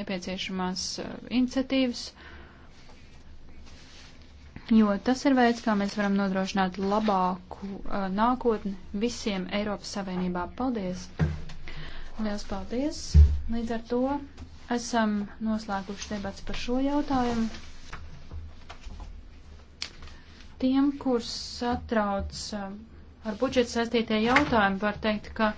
nepieciešamās eh, iniciatīvas, jo tas ir veids, kā mēs varam nodrošināt labāku eh, nākotni visiem Eiropas Savienībā. Paldies! Liels paldies! Līdz ar to esam noslēguši debats par šo jautājumu. Tiem, kurus satrauc eh, ar budžetu saistītie jautājumi, var teikt, ka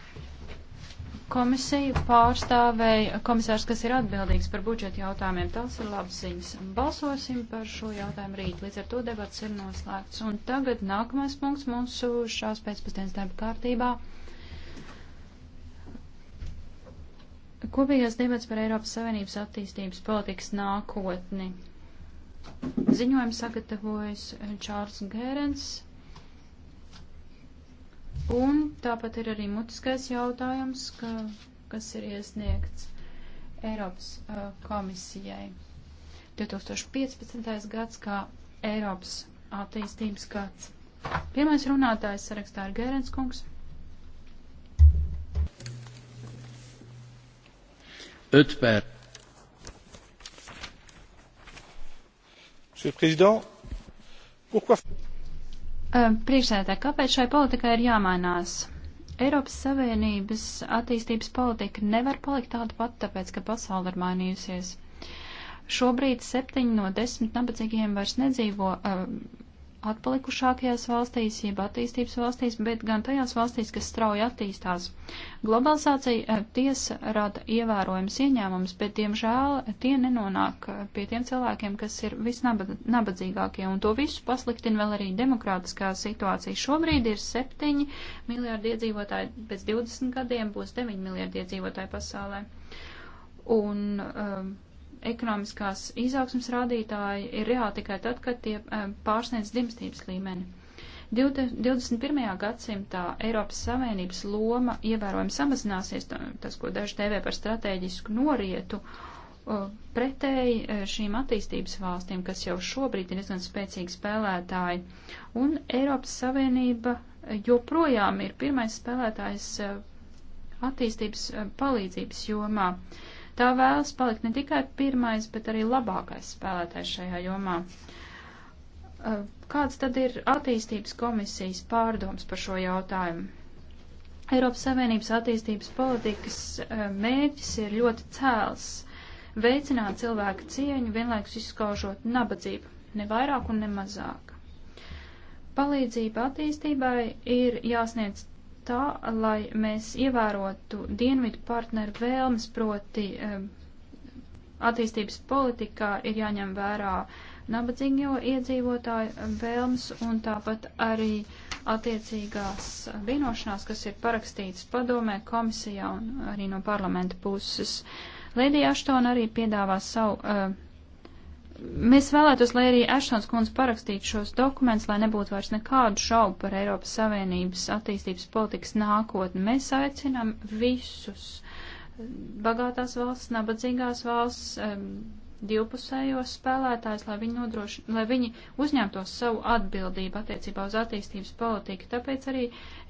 Komisiju pārstāvēja komisārs, kas ir atbildīgs par budžeta jautājumiem. Tas ir labs ziņas. Balsosim par šo jautājumu rīt. Līdz ar to debats ir noslēgts. Un tagad nākamais punkts mūsu šās pēcpusdienas darba kārtībā. Kopīgās debats par Eiropas Savienības attīstības politikas nākotni. Ziņojumu sagatavojas Čārls Gērens. Un tāpat ir arī mutiskais jautājums, ka, kas ir iesniegts Eiropas uh, komisijai. 2015. gads kā Eiropas attīstības gads. Pirmais runātājs sarakstā ir Gērens kungs. monsieur le président pourquoi. Eh, priekšsēdētāji, kāpēc šai politikai ir jāmainās? Eiropas Savienības attīstības politika nevar palikt tāda pati, tāpēc, ka pasauli ir mainījusies. Šobrīd septiņi no desmit nabadzīgiem vairs nedzīvo uh, atpalikušākajās valstīs, jeb attīstības valstīs, bet gan tajās valstīs, kas strauji attīstās. Globalizācija eh, tiesa rada ievērojams ieņēmums, bet, diemžēl, tie nenonāk eh, pie tiem cilvēkiem, kas ir visnabadzīgākie, un to visu pasliktina vēl arī demokrātiskā situācija. Šobrīd ir 7 miljārdi iedzīvotāji, pēc 20 gadiem būs 9 miljārdi iedzīvotāji pasaulē. Un, um, ekonomiskās izaugsmas rādītāji ir reāli tikai tad, kad tie eh, pārsniedz dimstības līmeni. 21. gadsimtā Eiropas Savienības loma ievērojami samazināsies, tas, ko daži tevē par strateģisku norietu, pretēji eh, šīm attīstības valstīm, kas jau šobrīd ir diezgan spēcīgi spēlētāji. Un Eiropas Savienība joprojām ir pirmais spēlētājs eh, attīstības palīdzības jomā. Uh, Tā vēlas palikt ne tikai pirmais, bet arī labākais spēlētājs šajā jomā. Kāds tad ir attīstības komisijas pārdoms par šo jautājumu? Eiropas Savienības attīstības politikas mērķis ir ļoti cēls - veicināt cilvēku cieņu, vienlaikus izskaužot nabadzību, ne vairāk un ne mazāk. Palīdzība attīstībai ir jāsniedz tā, lai mēs ievērotu dienvidu partneru vēlmes, proti eh, attīstības politikā ir jāņem vērā nabadzīgo iedzīvotāju eh, vēlmes un tāpat arī attiecīgās vienošanās, kas ir parakstītas padomē, komisijā un arī no parlamenta puses. Lēdija Aštona arī piedāvā savu uh, Mēs vēlētos, lai arī Ešons kundze parakstītu šos dokumentus, lai nebūtu vairs nekādu šaubu par Eiropas Savienības attīstības politikas nākotni. Mēs aicinām visus bagātās valsts, nabadzīgās valsts, divpusējos spēlētājus, lai viņi, nodroši, lai viņi uzņemtos savu atbildību attiecībā uz attīstības politiku. Tāpēc arī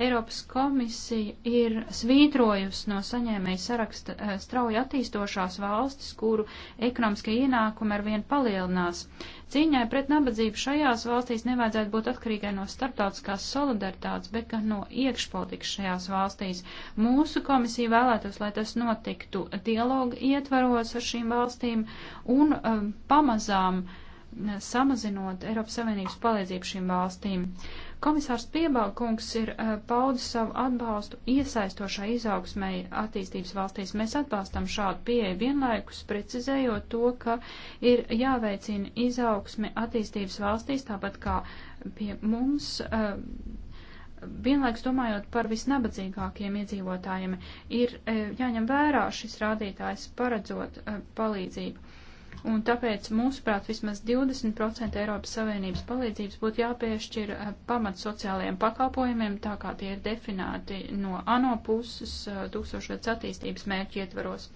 Eiropas komisija ir svītrojusi no saņēmēja saraksta eh, strauji attīstošās valstis, kuru ekonomiskie ienākumi ar vien palielinās. Cīņai pret nabadzību šajās valstīs nevajadzētu būt atkarīgai no starptautiskās solidaritātes, bet gan no iekšpolitikas šajās valstīs. Mūsu komisija vēlētos, lai tas notiktu dialogu ietvaros ar šīm valstīm un um, pamazām eh, samazinot Eiropas Savienības palīdzību šīm valstīm. Uh, Komisārs Piebalkungs ir uh, paudis savu atbalstu iesaistošai izaugsmai attīstības valstīs. Mēs atbalstam šādu pieeju vienlaikus, precizējot to, ka ir jāveicina izaugsme attīstības valstīs, tāpat kā pie mums. Uh, eh, vienlaiks domājot par visnabadzīgākiem iedzīvotājiem, ir eh, jāņem vērā šis rādītājs paredzot palīdzību. Un tāpēc, mūsuprāt, vismaz 20% Eiropas Savienības palīdzības būtu jāpiešķir eh, pamat sociālajiem pakalpojumiem, tā kā tie ir definēti no ANO puses eh, tūkstošgads attīstības mērķi ietvaros.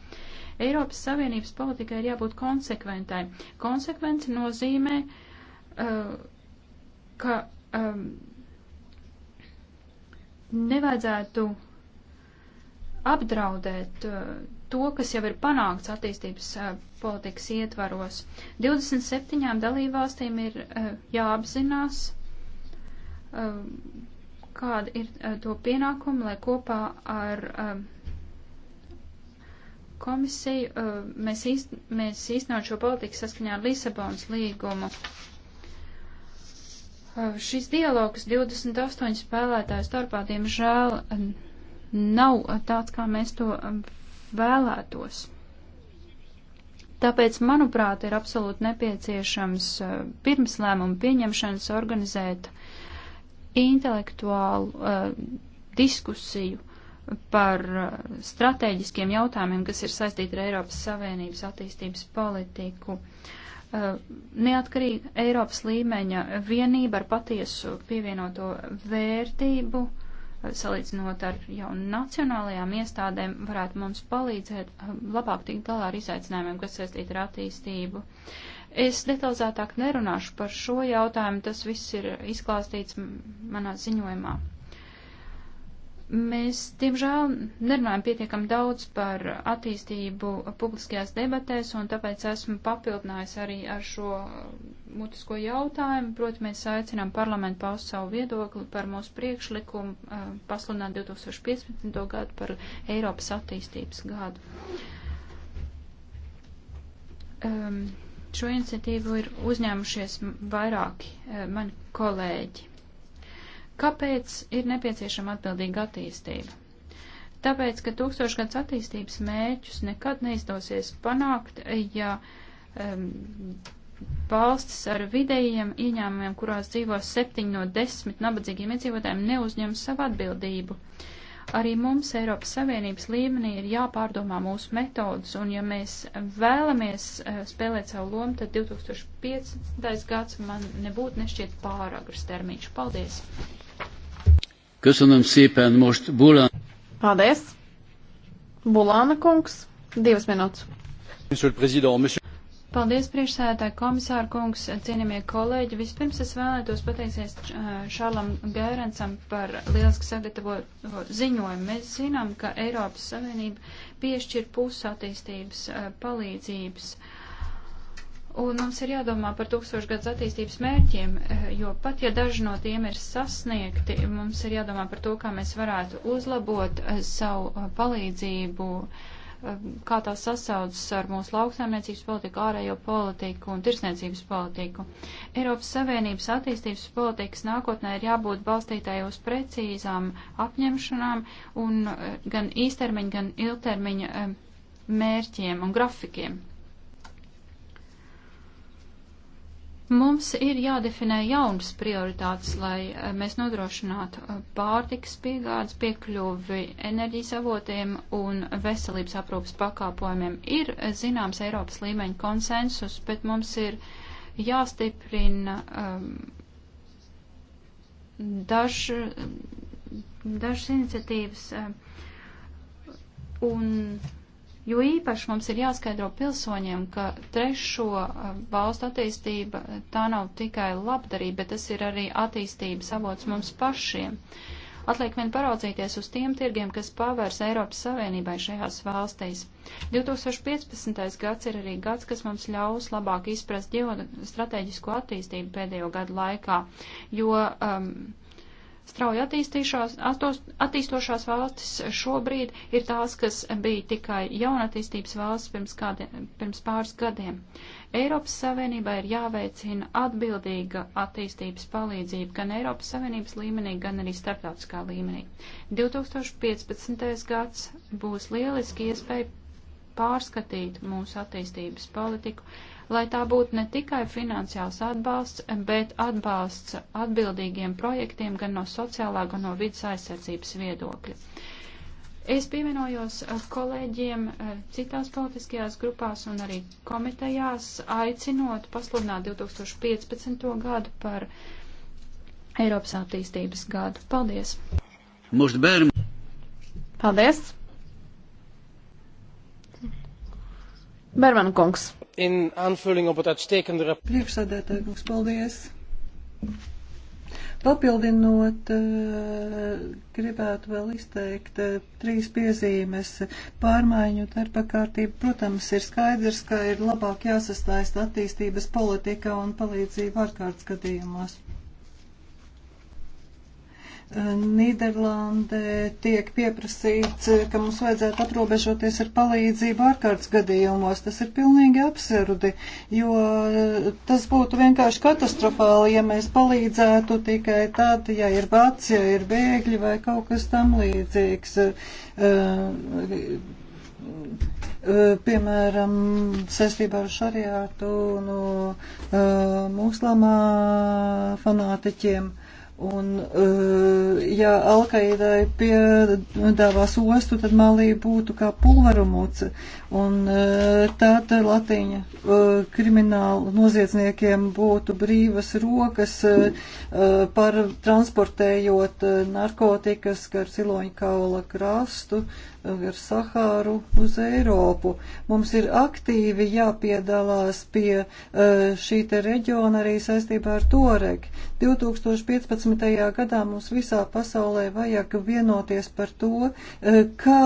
Eiropas Savienības politikai ir jābūt konsekventai. Konsekvence nozīmē, eh, ka ehm, nevajadzētu apdraudēt uh, to, kas jau ir panākts attīstības uh, politikas ietvaros. 27 dalībvalstīm ir uh, jāapzinās, um, kāda ir to pienākuma, lai kopā ar um, komisiju mēs, īst, mēs īstenot šo politiku saskaņā ar Lisabonas līgumu. Šis dialogs 28 spēlētāju starpā, diemžēl, um, nav tāds, kā mēs to um, vēlētos. Tāpēc, manuprāt, ir absolūti nepieciešams uh, pirms lēmumu pieņemšanas organizēt intelektuālu uh, diskusiju par uh, strateģiskiem jautājumiem, kas ir saistīti ar Eiropas Savienības attīstības politiku. Uh, neatkarīga Eiropas līmeņa vienība ar patiesu pievienoto vērtību uh, salīdzinot ar jau nacionālajām iestādēm, varētu mums palīdzēt um, labāk tikt galā ar izaicinājumiem, kas saistīti ar attīstību. Es detalizētāk nerunāšu par šo jautājumu, tas viss ir izklāstīts manā ziņojumā. Mēs, diemžēl, nerunājam pietiekam daudz par attīstību publiskajās debatēs, un tāpēc esmu papildinājis arī ar šo mutisko jautājumu. Proti, mēs aicinām parlamentu paust savu viedokli par mūsu priekšlikumu pasludināt 2015. gadu par Eiropas attīstības gadu. Um, šo iniciatīvu ir uzņēmušies vairāki mani kolēģi. Kāpēc ir nepieciešama atbildīga attīstība? Tāpēc, ka tūkstošgads attīstības mēķus nekad neizdosies panākt, ja um, valstis ar vidējiem ieņēmumiem, kurās dzīvo septiņi no desmit nabadzīgiem iedzīvotājiem, neuzņem savu atbildību. Arī mums Eiropas Savienības līmenī ir jāpārdomā mūsu metodas, un ja mēs vēlamies eh, spēlēt savu lomu, tad 2015. gads man nebūtu nešķiet pāragrs termiņš. Paldies! Köszönöm szépen most Bulán. Paldies. Bulāna kungs, divas minūtes. Monsieur le Président, monsieur... Paldies, priekšsēdētāji komisāra kungs, cienījamie kolēģi. Vispirms es vēlētos pateikties uh, Šārlam Gērensam par lieliski sagatavotu ziņojumu. Mēs zinām, ka Eiropas Savienība piešķir pusi attīstības uh, palīdzības. Uh, Un mums ir jādomā par tūkstošgads attīstības mērķiem, eh, jo pat ja daži no tiem ir sasniegti, mums ir jādomā par to, kā mēs varētu uzlabot eh, savu eh, palīdzību, kā tā sasaucas ar mūsu lauksaimniecības politiku, ārējo politiku un tirsniecības politiku. Eiropas Savienības attīstības politikas nākotnē ir jābūt balstītāji uz precīzām apņemšanām un gan īstermiņa, gan ilgtermiņa mērķiem un grafikiem. Mums ir jādefinē jaunas prioritātes, lai eh, mēs nodrošinātu eh, pārtikas piegādes piekļuvi enerģijas avotiem un veselības aprūpas pakāpojumiem. Ir eh, zināms Eiropas līmeņa konsensus, bet mums ir jāstiprina um, daž, dažas iniciatīvas um, un Jo īpaši mums ir jāskaidro pilsoņiem, ka trešo uh, valstu attīstība uh, tā nav tikai labdarība, bet tas ir arī attīstības avots mums pašiem. Atliek vien paraudzīties uz tiem tirgiem, kas pavērs Eiropas Savienībai šajās valstīs. 2015. gads ir arī gads, kas mums ļaus labāk izprast ģeostrateģisko attīstību pēdējo gadu laikā, jo um, Strauji attīstošās valstis šobrīd ir tās, kas bija tikai jaunatīstības valsts pirms, kādi, pirms pāris gadiem. Eiropas Savienībā ir jāveicina atbildīga attīstības palīdzība gan Eiropas Savienības līmenī, gan arī starptautiskā līmenī. 2015. gads būs lieliski iespēja pārskatīt mūsu attīstības politiku, lai tā būtu ne tikai finansiāls atbalsts, bet atbalsts atbildīgiem projektiem gan no sociālā, gan no vidas aizsardzības viedokļa. Es pievienojos kolēģiem eh, citās politiskajās grupās un arī komitejās, aicinot pasludināt 2015. gadu par Eiropas attīstības gadu. Paldies! Paldies! Bermanu kungs! in aanvulling op het uitstekende rapport. Priekšsēdētāji, kungs, paldies! Papildinot, eh, gribētu vēl izteikt eh, trīs piezīmes pārmaiņu darba kārtību. Protams, ir skaidrs, ka ir labāk jāsastāst attīstības politika un palīdzība ārkārtas gadījumos. Nīderlandē tiek pieprasīts, ka mums vajadzētu aprobežoties ar palīdzību ārkārtas gadījumos. Tas ir pilnīgi absurdi, jo eh, tas būtu vienkārši katastrofāli, ja mēs palīdzētu tikai tad, ja ir bats, ja ir bēgļi vai kaut kas tam līdzīgs. Eh, eh, piemēram, saistībā ar šariātu no muslamā fanātiķiem Un, eh, ja Alkaidai piedāvās ostu, tad Malī būtu kā pulverumuce. Un eh, tad latiņa eh, kriminālu noziedzniekiem būtu brīvas rokas eh, par transportējot narkotikas gar ziloņa kaula krastu, ar Sahāru uz Eiropu. Mums ir aktīvi jāpiedalās pie šī te reģiona arī saistībā ar Toreg. 2015. gadā mums visā pasaulē vajag vienoties par to, kā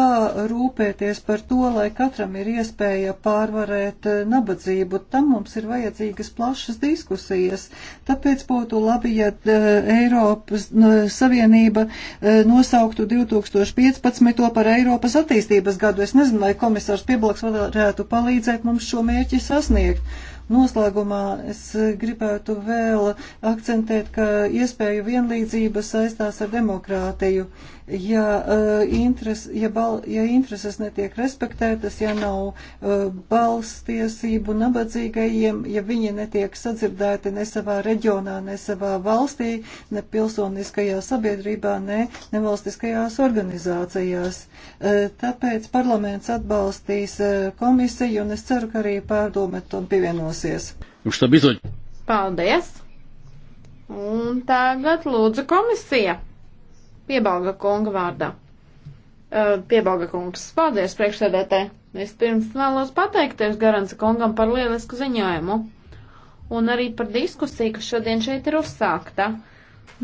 rūpēties par to, lai katram cilvēkiem ir iespēja pārvarēt eh, nabadzību, tam mums ir vajadzīgas plašas diskusijas. Tāpēc būtu labi, ja eh, Eiropas Savienība eh, nosauktu 2015. par Eiropas attīstības gadu. Es nezinu, vai komisārs Pieblaks varētu palīdzēt mums šo mērķi sasniegt. Noslēgumā es gribētu vēl akcentēt, ka iespēju vienlīdzība saistās ar demokrātiju. Ja, eh, interes, ja, bal, ja intereses netiek respektētas, ja nav eh, balss tiesību nabadzīgajiem, ja viņi netiek sadzirdēti ne savā reģionā, ne savā valstī, ne pilsoniskajā sabiedrībā, ne nevalstiskajās organizācijās. Eh, tāpēc parlaments atbalstīs komisiju un es ceru, ka arī pārdome tam pievienosies. Paldies! Un tagad lūdzu komisija piebalga kunga vārdā. Uh, piebalga kungs, paldies priekšsēdētē. Vispirms vēlos pateikties Garanca kungam par lielisku ziņojumu un arī par diskusiju, kas šodien šeit ir uzsākta.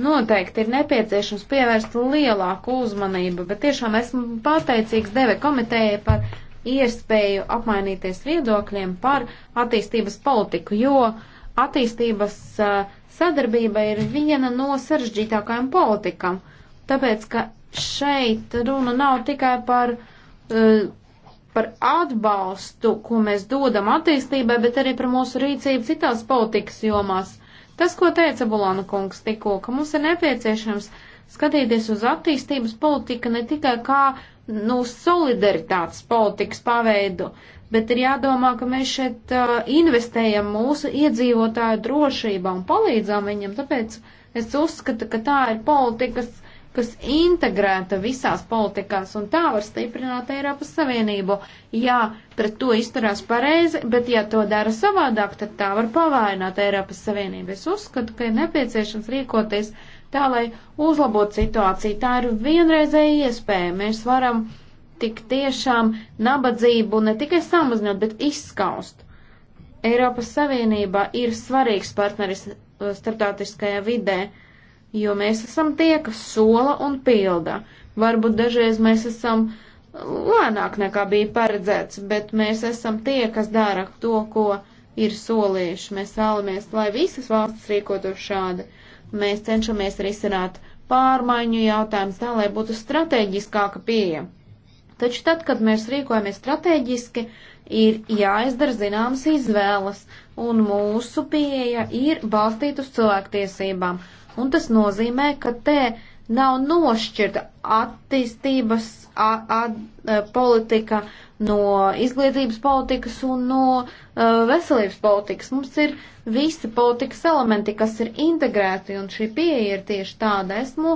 Noteikti ir nepieciešams pievērst lielāku uzmanību, bet tiešām esmu pateicīgs Deve komitejai par iespēju apmainīties viedokļiem par attīstības politiku, jo attīstības uh, sadarbība ir viena no sarežģītākajām politikām tāpēc ka šeit runa nav tikai par, eh, par atbalstu, ko mēs dodam attīstībai, bet arī par mūsu rīcību citās politikas jomās. Tas, ko teica Bulāna kungs tikko, ka mums ir nepieciešams skatīties uz attīstības politiku ne tikai kā nu, solidaritātes politikas paveidu, bet ir jādomā, ka mēs šeit uh, investējam mūsu iedzīvotāju drošībā un palīdzām viņam, tāpēc es uzskatu, ka tā ir politikas kas integrēta visās politikās, un tā var stiprināt Eiropas Savienību. Jā, pret to izturās pareizi, bet ja to dara savādāk, tad tā var pavainot Eiropas Savienību. Es uzskatu, ka ir nepieciešams rīkoties tā, lai uzlabotu situāciju. Tā ir vienreizēja iespēja. Mēs varam tik tiešām nabadzību ne tikai samazināt, bet izskaust. Eiropas Savienība ir svarīgs partneris uh, starptautiskajā vidē. Uh, jo mēs esam tie, kas sola un pilda. Varbūt dažreiz mēs esam lēnāk nekā bija paredzēts, bet mēs esam tie, kas dara to, ko ir solījuši. Mēs vēlamies, lai visas valstis rīkotos šādi. Mēs cenšamies risināt pārmaiņu jautājumus tā, lai būtu strateģiskāka pieeja. Taču tad, kad mēs rīkojamies strateģiski, ir jāizdara zināmas izvēles, un mūsu pieeja ir balstīta uz cilvēktiesībām. Un tas nozīmē, ka te nav nošķirta attīstības a, a, politika no izglītības politikas un no uh, veselības politikas. Mums ir visi politikas elementi, kas ir integrēti, un šī pieeja ir tieši tāda. Esmu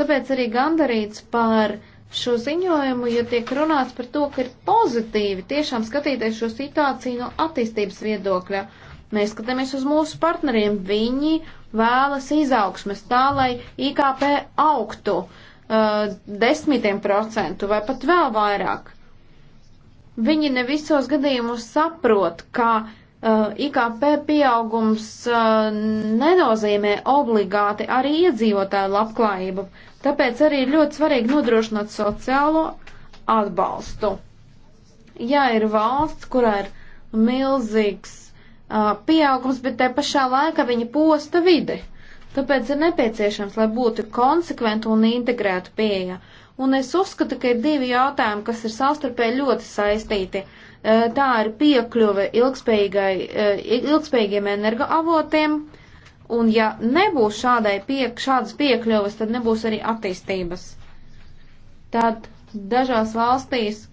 tāpēc arī gandarīts par šo ziņojumu, jo tiek runāts par to, ka ir pozitīvi tiešām skatīties šo situāciju no attīstības viedokļa. Mēs skatāmies uz mūsu partneriem. Viņi uh, vēlas izaugsmes tā, lai IKP augtu uh, desmitiem procentu vai pat vēl vairāk. Viņi ne visos gadījumos saprot, ka uh, IKP pieaugums uh, nenozīmē obligāti arī iedzīvotāju labklājību, tāpēc arī ir ļoti svarīgi nodrošināt sociālo atbalstu. Ja ir valsts, kurā ir milzīgs Uh, pieaugums, bet te pašā laikā viņi posta vidi. Tāpēc ir nepieciešams, lai būtu konsekventa un integrēta pieeja. Un es uzskatu, ka ir divi jautājumi, kas ir savstarpēji ļoti saistīti. Uh, tā ir piekļuve uh, ilgspējīgiem energoavotiem, un ja nebūs šādai piek, šādas piekļuves, tad nebūs arī attīstības. Tad dažās valstīs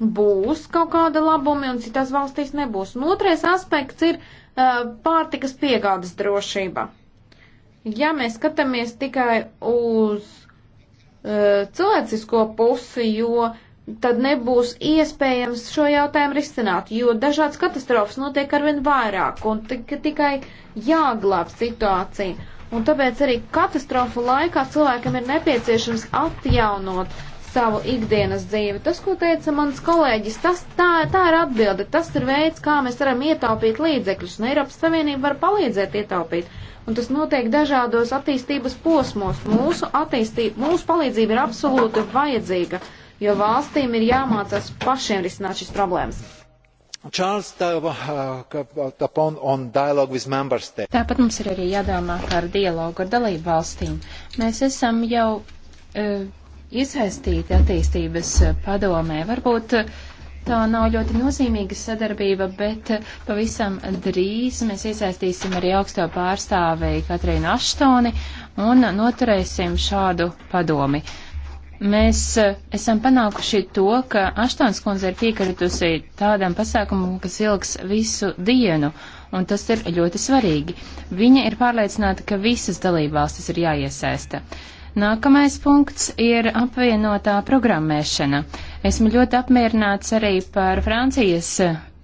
būs kaut kāda labumi un citās valstīs nebūs. Un otrais aspekts ir uh, pārtikas piegādes drošība. Ja mēs skatāmies tikai uz uh, cilvēcisko pusi, jo tad nebūs iespējams šo jautājumu risināt, jo dažādas katastrofas notiek arvien vairāk un tika tikai jāglāb situācija. Un tāpēc arī katastrofu laikā cilvēkam ir nepieciešams atjaunot savu ikdienas dzīvi. Tas, ko teica mans kolēģis, tas tā, tā ir atbilde, tas ir veids, kā mēs varam ietaupīt līdzekļus, un Eiropas Savienība var palīdzēt ietaupīt. Un tas notiek dažādos attīstības posmos. Mūsu, attīstība, mūsu palīdzība ir absolūti vajadzīga, jo valstīm ir jāmācās pašiem risināt šīs problēmas. Charles, uh, uh, tā, Tāpat mums ir arī jādomā par dialogu ar dalību valstīm. Mēs esam jau uh, iesaistīti attīstības eh, padomē. Varbūt eh, tā nav ļoti nozīmīga sadarbība, bet eh, pavisam drīz mēs iesaistīsim arī augsto pārstāvēju Katrīnu Aštoni un noturēsim šādu padomi. Mēs esam panākuši to, ka Aštons kundze ir piekritusi tādam pasākumam, kas ilgs visu dienu, un tas ir ļoti svarīgi. Viņa ir pārliecināta, ka visas dalībvalstis ir jāiesaista. Uh, Nākamais punkts ir apvienotā programmēšana. Esmu ļoti apmierināts arī par Francijas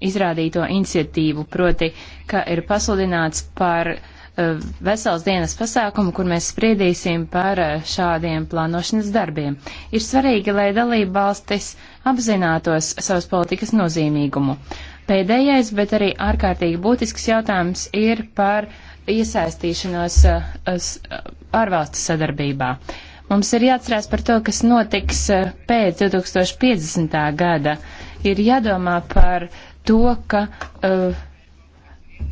izrādīto iniciatīvu, proti, ka ir pasludināts par uh, vesels dienas pasākumu, kur mēs spriedīsim par uh, šādiem plānošanas darbiem. Ir svarīgi, lai dalība valstis apzinātos savas politikas nozīmīgumu. Pēdējais, bet arī ārkārtīgi būtisks jautājums ir par uh, iesaistīšanos eh, eh, ārvalstu sadarbībā. Mums ir jāatcerās par to, kas notiks eh, pēc 2050. gada. Ir jādomā par to, ka uh,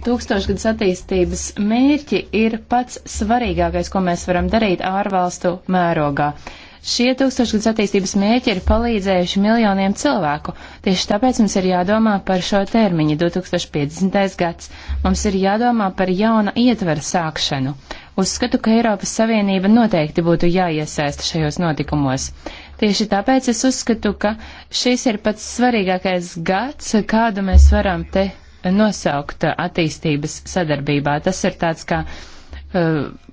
tūkstošgadus attīstības mērķi ir pats svarīgākais, ko mēs varam darīt ārvalstu mērogā. Uh, Šie tūkstošgadus attīstības mērķi ir palīdzējuši miljoniem cilvēku. Tieši tāpēc mums ir jādomā par šo termiņu 2050. gads. Mums ir jādomā par jauna ietvera sākšanu. Uzskatu, ka Eiropas Savienība noteikti būtu jāiesaista šajos notikumos. Tieši tāpēc es uzskatu, ka šis ir pats svarīgākais gads, kādu mēs varam te nosaukt attīstības sadarbībā. Tas ir tāds kā uh,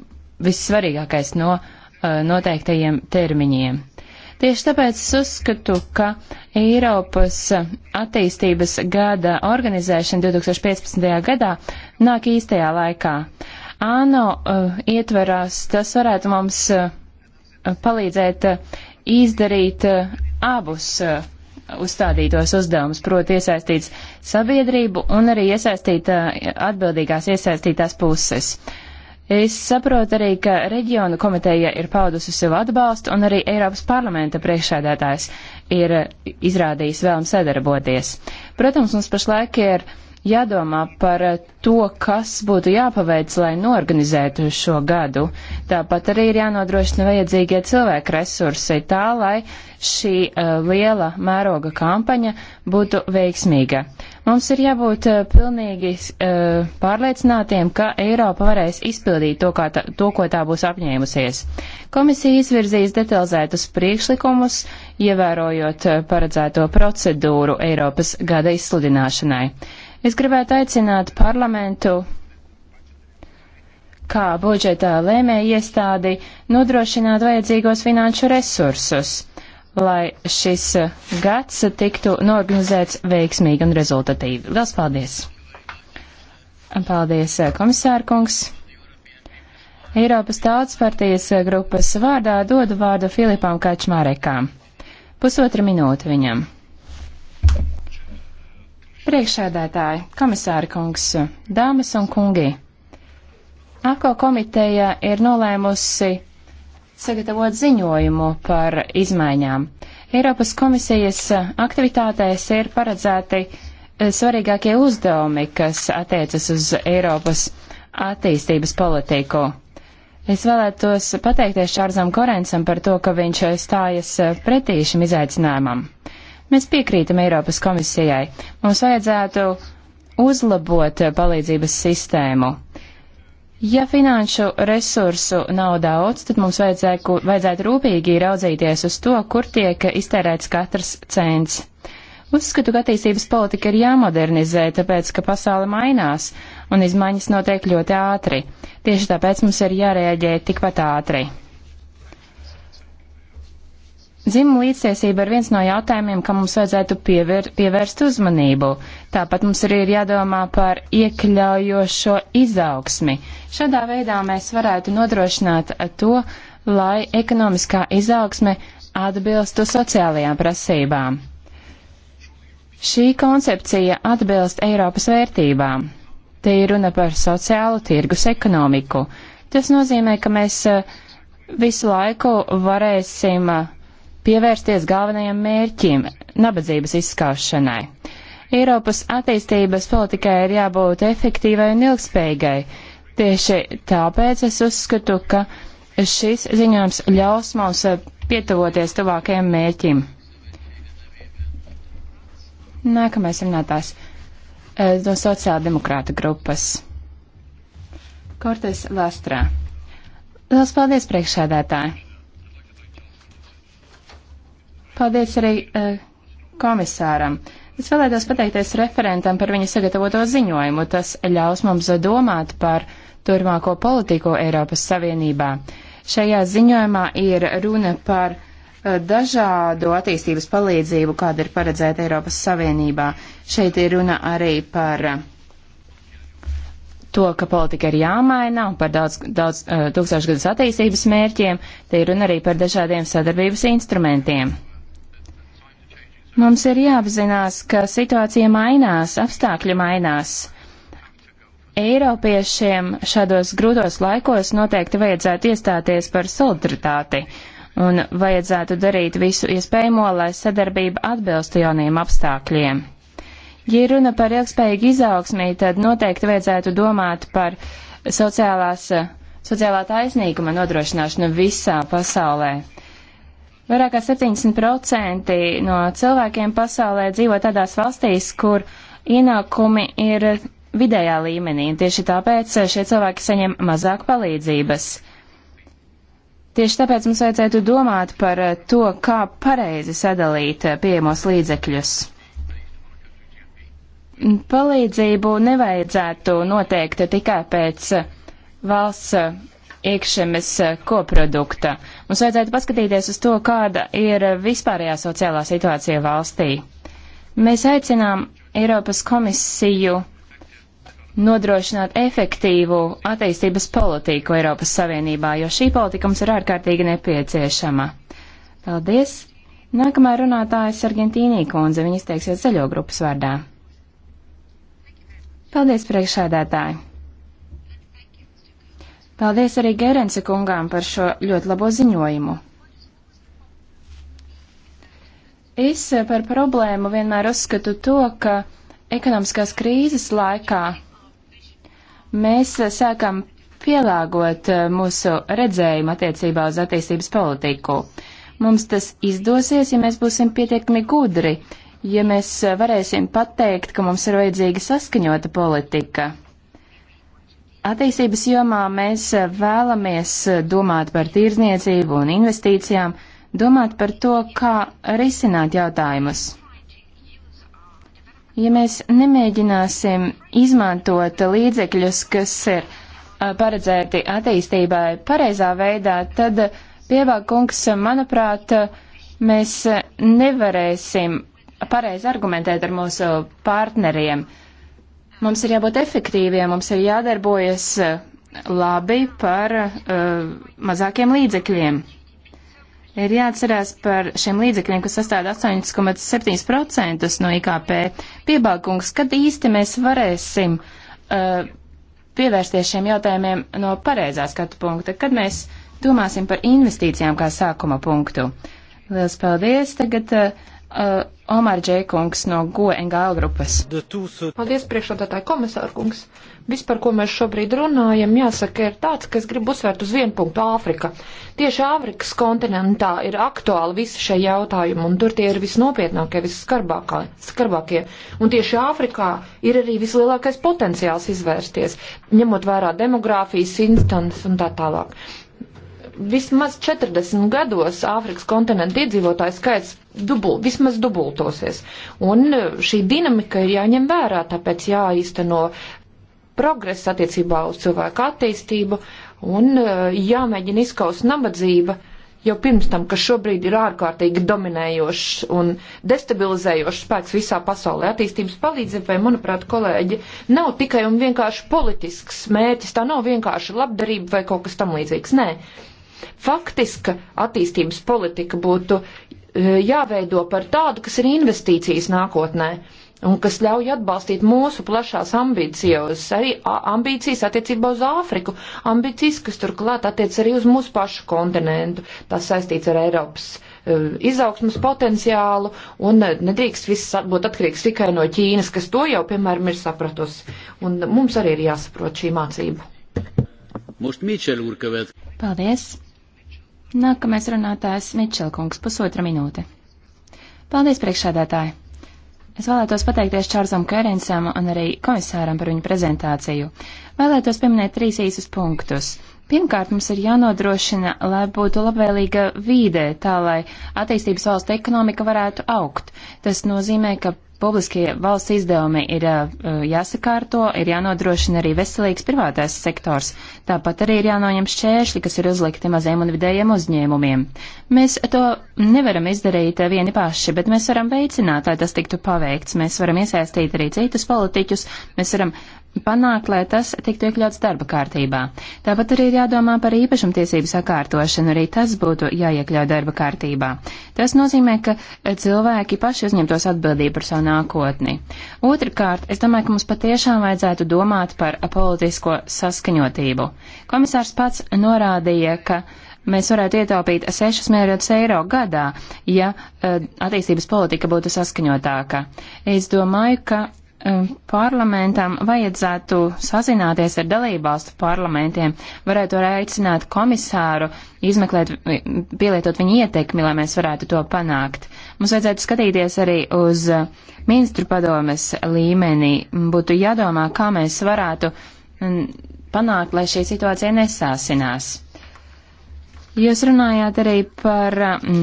vissvarīgākais no uh, Eh, noteiktajiem termiņiem. Tieši tāpēc es uzskatu, ka Eiropas attīstības gada organizēšana 2015. gadā nāk īstajā laikā. ANO uh, eh, ietverās, tas varētu mums uh, palīdzēt uh, izdarīt uh, abus uh, uzstādītos uzdevumus, proti iesaistīt sabiedrību un arī iesaistīt uh, atbildīgās iesaistītās puses. Uh, Es saprotu arī, ka reģionu komiteja ir paudusi savu atbalstu un arī Eiropas parlamenta priekšsēdētājs ir izrādījis vēlam sadarboties. Protams, mums pašlaik ir jādomā par to, kas būtu jāpaveic, lai norganizētu šo gadu. Tāpat arī ir jānodrošina vajadzīgie cilvēku resursi tā, lai šī uh, liela mēroga kampaņa būtu veiksmīga. Uh, Mums ir jābūt eh, pilnīgi uh, pārliecinātiem, ka Eiropa varēs izpildīt to, tā, to, ko tā būs apņēmusies. Komisija izvirzīs detalizētus priekšlikumus, ievērojot eh, paredzēto procedūru Eiropas gada izsludināšanai. Es gribētu aicināt parlamentu kā budžetā lēmē iestādi nodrošināt vajadzīgos finanšu resursus lai šis gads tiktu norganizēts veiksmīgi un rezultatīvi. Lielas paldies! Paldies, komisārkungs! Eiropas Tautas partijas grupas vārdā dodu vārdu Filipam Kačmārekām. Pusotra minūte viņam. Priekšsēdētāji, komisāri kungs, dāmas un kungi. AKO komiteja ir nolēmusi sagatavot ziņojumu par izmaiņām. Eiropas komisijas aktivitātēs ir paredzēti eh, svarīgākie uzdevumi, kas attiecas uz Eiropas attīstības politiku. Es vēlētos pateikties Čārzam Korensam par to, ka viņš stājas pretī šim izaicinājumam. Mēs piekrītam Eiropas komisijai. Mums vajadzētu uzlabot palīdzības sistēmu. Ja finanšu resursu nav daudz, tad mums vajadzētu, vajadzētu rūpīgi raudzīties uz to, kur tiek iztērēts katrs cents. Uzskatu, ka attīstības politika ir jāmodernizē, tāpēc, ka pasaule mainās un izmaiņas notiek ļoti ātri. Tieši tāpēc mums ir jārēģē tikpat ātri. Dzimuma līdztiesība ir viens no jautājumiem, kam mums vajadzētu pievēr, pievērst uzmanību. Tāpat mums arī ir jādomā par iekļaujošo izaugsmi. Šādā veidā mēs varētu nodrošināt to, lai ekonomiskā izaugsme atbilstu sociālajām prasībām. Šī koncepcija atbilst Eiropas vērtībām. Te ir runa par sociālu tirgus ekonomiku. Tas nozīmē, ka mēs eh, visu laiku varēsim eh, pievērsties galvenajam mērķim - nabadzības izskaušanai. Eiropas attīstības politikai ir jābūt efektīvai un ilgspējīgai. Tieši tāpēc es uzskatu, ka šis ziņojums ļaus mums pietuvoties tuvākajam mērķim. Nākamais runātājs eh, no sociāldemokrāta grupas. Kortes Lastrā. Lielas paldies priekšādētāji! Paldies arī eh, komisāram. Es vēlētos pateikties referentam par viņa sagatavoto ziņojumu. Tas ļaus mums domāt par turmāko politiku Eiropas Savienībā. Šajā ziņojumā ir runa par eh, dažādu attīstības palīdzību, kāda ir paredzēta Eiropas Savienībā. Šeit ir runa arī par eh, to, ka politika ir jāmaina un par daudz, daudz tūkstošgadus attīstības mērķiem. Te ir runa arī par dažādiem sadarbības instrumentiem. Mums ir jāapzinās, ka situācija mainās, apstākļi mainās. Eiropiešiem šādos grūtos laikos noteikti vajadzētu iestāties par solidaritāti un vajadzētu darīt visu iespējamo, lai sadarbība atbilstu jauniem apstākļiem. Ja runa par ilgspējīgu izaugsmī, tad noteikti vajadzētu domāt par sociālās, sociālā taisnīguma nodrošināšanu visā pasaulē. Vairāk kā 70% no cilvēkiem pasaulē dzīvo tādās valstīs, kur ienākumi ir vidējā līmenī, un tieši tāpēc šie cilvēki saņem mazāk palīdzības. Tieši tāpēc mums vajadzētu domāt par to, kā pareizi sadalīt pieejamos līdzekļus. Palīdzību nevajadzētu noteikt tikai pēc valsts iekšzemes eh, koprodukta. Mums vajadzētu paskatīties uz to, kāda ir vispārējā sociālā situācija valstī. Mēs aicinām Eiropas komisiju nodrošināt efektīvu attīstības politiku Eiropas Savienībā, jo šī politika mums ir ārkārtīgi nepieciešama. Paldies! Nākamā runātāja ir Argentīnija kundze, viņa izteiksies zaļo grupas vārdā. Paldies, priekšādātāji! Paldies arī Gerense kungām par šo ļoti labo ziņojumu. Es par problēmu vienmēr uzskatu to, ka ekonomiskās krīzes laikā mēs sākam pielāgot eh, mūsu redzējumu attiecībā uz attīstības politiku. Mums tas izdosies, ja mēs būsim pietiekami gudri, ja mēs varēsim pateikt, ka mums ir vajadzīga saskaņota politika. Attīstības jomā mēs vēlamies domāt par tirzniecību un investīcijām, domāt par to, kā risināt jautājumus. Ja mēs nemēģināsim izmantot līdzekļus, kas ir paredzēti attīstībai pareizā veidā, tad pievākungs, manuprāt, mēs nevarēsim pareizi argumentēt ar mūsu partneriem. Uh, Mums ir jābūt efektīviem, mums ir jādarbojas eh, labi par uh, mazākiem līdzekļiem. Ir jāatcerās par šiem līdzekļiem, kas sastāv 8,7% no IKP. Piebalkungs, kad īsti mēs varēsim uh, pievērsties šiem jautājumiem no pareizā skatu punkta, kad mēs domāsim par investīcijām kā sākuma punktu. Lielas paldies! Tagad uh, Omar Džēkungs no GoNGL grupas. Paldies, priekšādātāji komisārkungs. Viss, par ko mēs šobrīd runājam, jāsaka, ir tāds, ka es gribu uzsvērt uz vienu punktu - Āfrika. Tieši Āfrikas kontinentā ir aktuāli visi šie jautājumi, un tur tie ir visnopietnākie, visskarbākie. Un tieši Āfrikā ir arī vislielākais potenciāls izvērsties, ņemot vērā demogrāfijas instants un tā tālāk vismaz 40 gados Āfrikas kontinenta iedzīvotāju skaits dubul, vismaz dubultosies. Un e, šī dinamika ir jāņem vērā, tāpēc jāīsteno progress attiecībā uz cilvēku attīstību un e, jāmēģina izskaust nabadzība jau pirms tam, kas šobrīd ir ārkārtīgi dominējošs un destabilizējošs spēks visā pasaulē. Attīstības palīdzībai, manuprāt, kolēģi, nav tikai un vienkārši politisks mērķis, tā nav vienkārši labdarība vai kaut kas tam līdzīgs. Nē. Faktiska attīstības politika būtu E, jāveido par tādu, kas ir investīcijas nākotnē un kas ļauj atbalstīt mūsu plašās ambīcijas, arī ambīcijas attiecībā uz Āfriku, ambīcijas, kas turklāt attiec arī uz mūsu pašu kontinentu, tas saistīts ar Eiropas uh, izaugsmas potenciālu, un nedrīkst viss būt atkarīgs tikai no Ķīnas, kas to jau, piemēram, ir sapratusi. Un mums arī ir jāsaprot šī mācība. Paldies! Nākamais runātājs Mičelkungs, pusotra minūte. Paldies, priekšsēdētāji! Es vēlētos pateikties Čārzam Kērensam un arī komisāram par viņu prezentāciju. Vēlētos pieminēt trīs īsus punktus. Pirmkārt, mums ir jānodrošina, lai būtu labvēlīga vīde, tā lai attīstības valsts ekonomika varētu augt. Tas nozīmē, ka Publiskie valsts izdevumi ir eh, jāsakārto, ir jānodrošina arī veselīgs privātais sektors. Tāpat arī ir jānoņem šķēršļi, kas ir uzlikti maziem un vidējiem uzņēmumiem. Mēs to nevaram izdarīt eh, vieni paši, bet mēs varam veicināt, lai tas tiktu paveikts. Mēs varam iesaistīt arī citus politiķus, mēs varam uh, panākt, lai tas tiktu iekļauts darba kārtībā. Tāpat arī ir jādomā par īpašumtiesību sakārtošanu, arī tas būtu jāiekļauj darba kārtībā. Tas nozīmē, ka cilvēki paši uzņemtos atbildību par savu nākotni. Otrakārt, es domāju, ka mums patiešām vajadzētu domāt par politisko saskaņotību. Komisārs pats norādīja, ka mēs varētu ietaupīt 6 miljardus eiro gadā, ja eh, attīstības politika būtu saskaņotāka. Es domāju, ka Um, parlamentam vajadzētu sazināties ar dalībvalstu parlamentiem, varētu aicināt komisāru, izmeklēt, pielietot viņu ietekmi, lai mēs varētu to panākt. Mums vajadzētu skatīties arī uz ministru padomes līmenī, būtu jādomā, kā mēs varētu mm, panākt, lai šī situācija nesāsinās. Jūs runājāt arī par mm,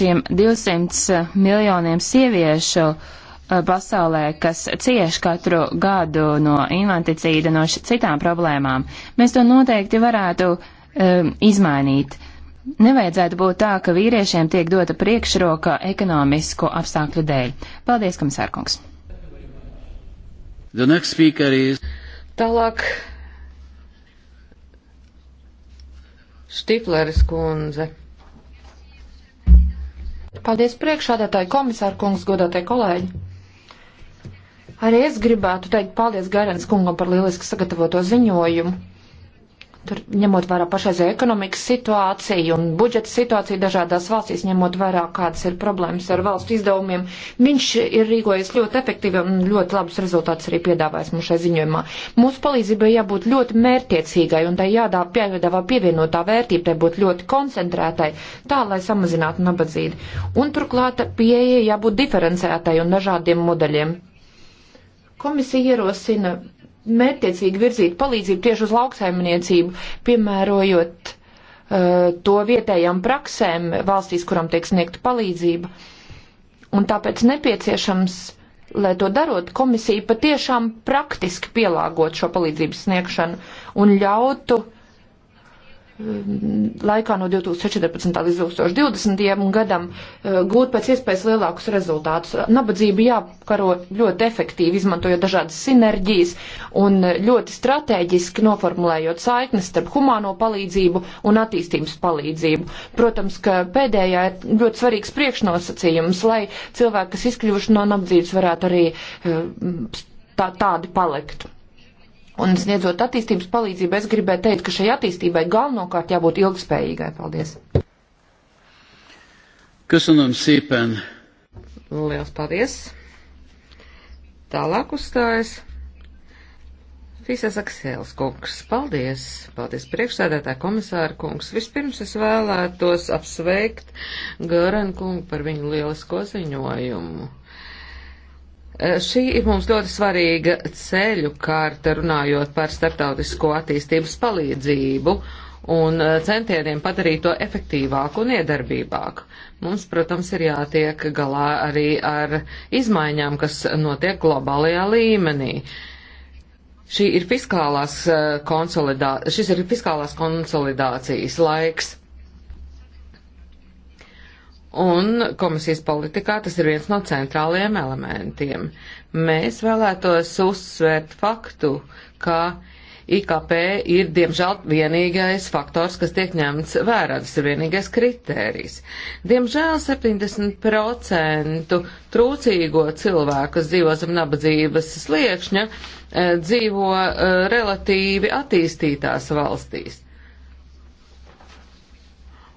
šiem 200 miljoniem sieviešu, uh, Eh, pasaulē, kas cieš katru gadu no infanticīda, no citām problēmām. Mēs to noteikti varētu um, izmainīt. Nevajadzētu būt tā, ka vīriešiem tiek dota priekšroka ekonomisku apstākļu dēļ. Paldies, komisārkungs! Is... Tālāk Štipleris kundze. Paldies priekšādātāji komisāru kungs, godātie kolēģi! Arī es gribētu teikt paldies Gairens kungam par lieliski sagatavoto ziņojumu. Tur, ņemot vērā pašreizēju ekonomikas situāciju un budžeta situāciju dažādās valstīs, ņemot vērā, kādas ir problēmas ar valstu izdevumiem, viņš ir rīkojies ļoti efektīvi un ļoti labus rezultātus arī piedāvājis mums šai ziņojumā. Mūsu palīdzībai jābūt ļoti mērķiecīgai un tai jādāvā pievienotā vērtība, tai būt ļoti koncentrētai, tā, lai samazinātu nabadzību. Un turklāt pieeja jābūt diferencētai un dažādiem modeļiem Komisija ierosina mērķiecīgi virzīt palīdzību tieši uz lauksaimniecību, piemērojot uh, to vietējām praksēm valstīs, kuram tiek sniegta palīdzība. Un tāpēc nepieciešams, lai to darot, komisija patiešām praktiski pielāgot šo palīdzības sniegšanu un ļautu uh, laikā no 2014. līdz 2020. gadam eh, gūt pēc iespējas lielākus rezultātus. Nabadzība jākaro ļoti efektīvi, izmantojot dažādas sinerģijas un ļoti strateģiski noformulējot saiknes starp humāno palīdzību un attīstības palīdzību. Protams, ka pēdējā ir ļoti svarīgs priekšnosacījums, lai cilvēki, kas izkļuvuši no nabadzības, varētu arī eh, tā, tādi palikt. Un sniedzot attīstības palīdzību, es gribēju teikt, ka šai attīstībai galvenokārt jābūt ilgspējīgai. Paldies! Köszönöm szépen! Liels paldies! Tālāk uzstājas Fisas Aksēls kungs. Paldies! Paldies priekšsēdētā komisāra kungs. Vispirms es vēlētos apsveikt Gāran kungu par viņu lielisko ziņojumu. Eh, šī ir mums ļoti svarīga ceļu kārta runājot par starptautisko attīstības palīdzību un eh, centieniem padarīt to efektīvāku un iedarbībāku. Mums, protams, ir jātiek galā arī ar izmaiņām, kas notiek globālajā līmenī. Šī ir fiskālās, eh, konsolidā... Šis ir fiskālās konsolidācijas laiks Un komisijas politikā tas ir viens no centrālajiem elementiem. Mēs vēlētos uzsvērt faktu, ka IKP ir diemžēl vienīgais faktors, kas tiek ņemts vērā, tas ir vienīgais kritērijs. Diemžēl 70% trūcīgo cilvēku, kas dzīvo zem nabadzības sliekšņa, eh, dzīvo eh, relatīvi attīstītās valstīs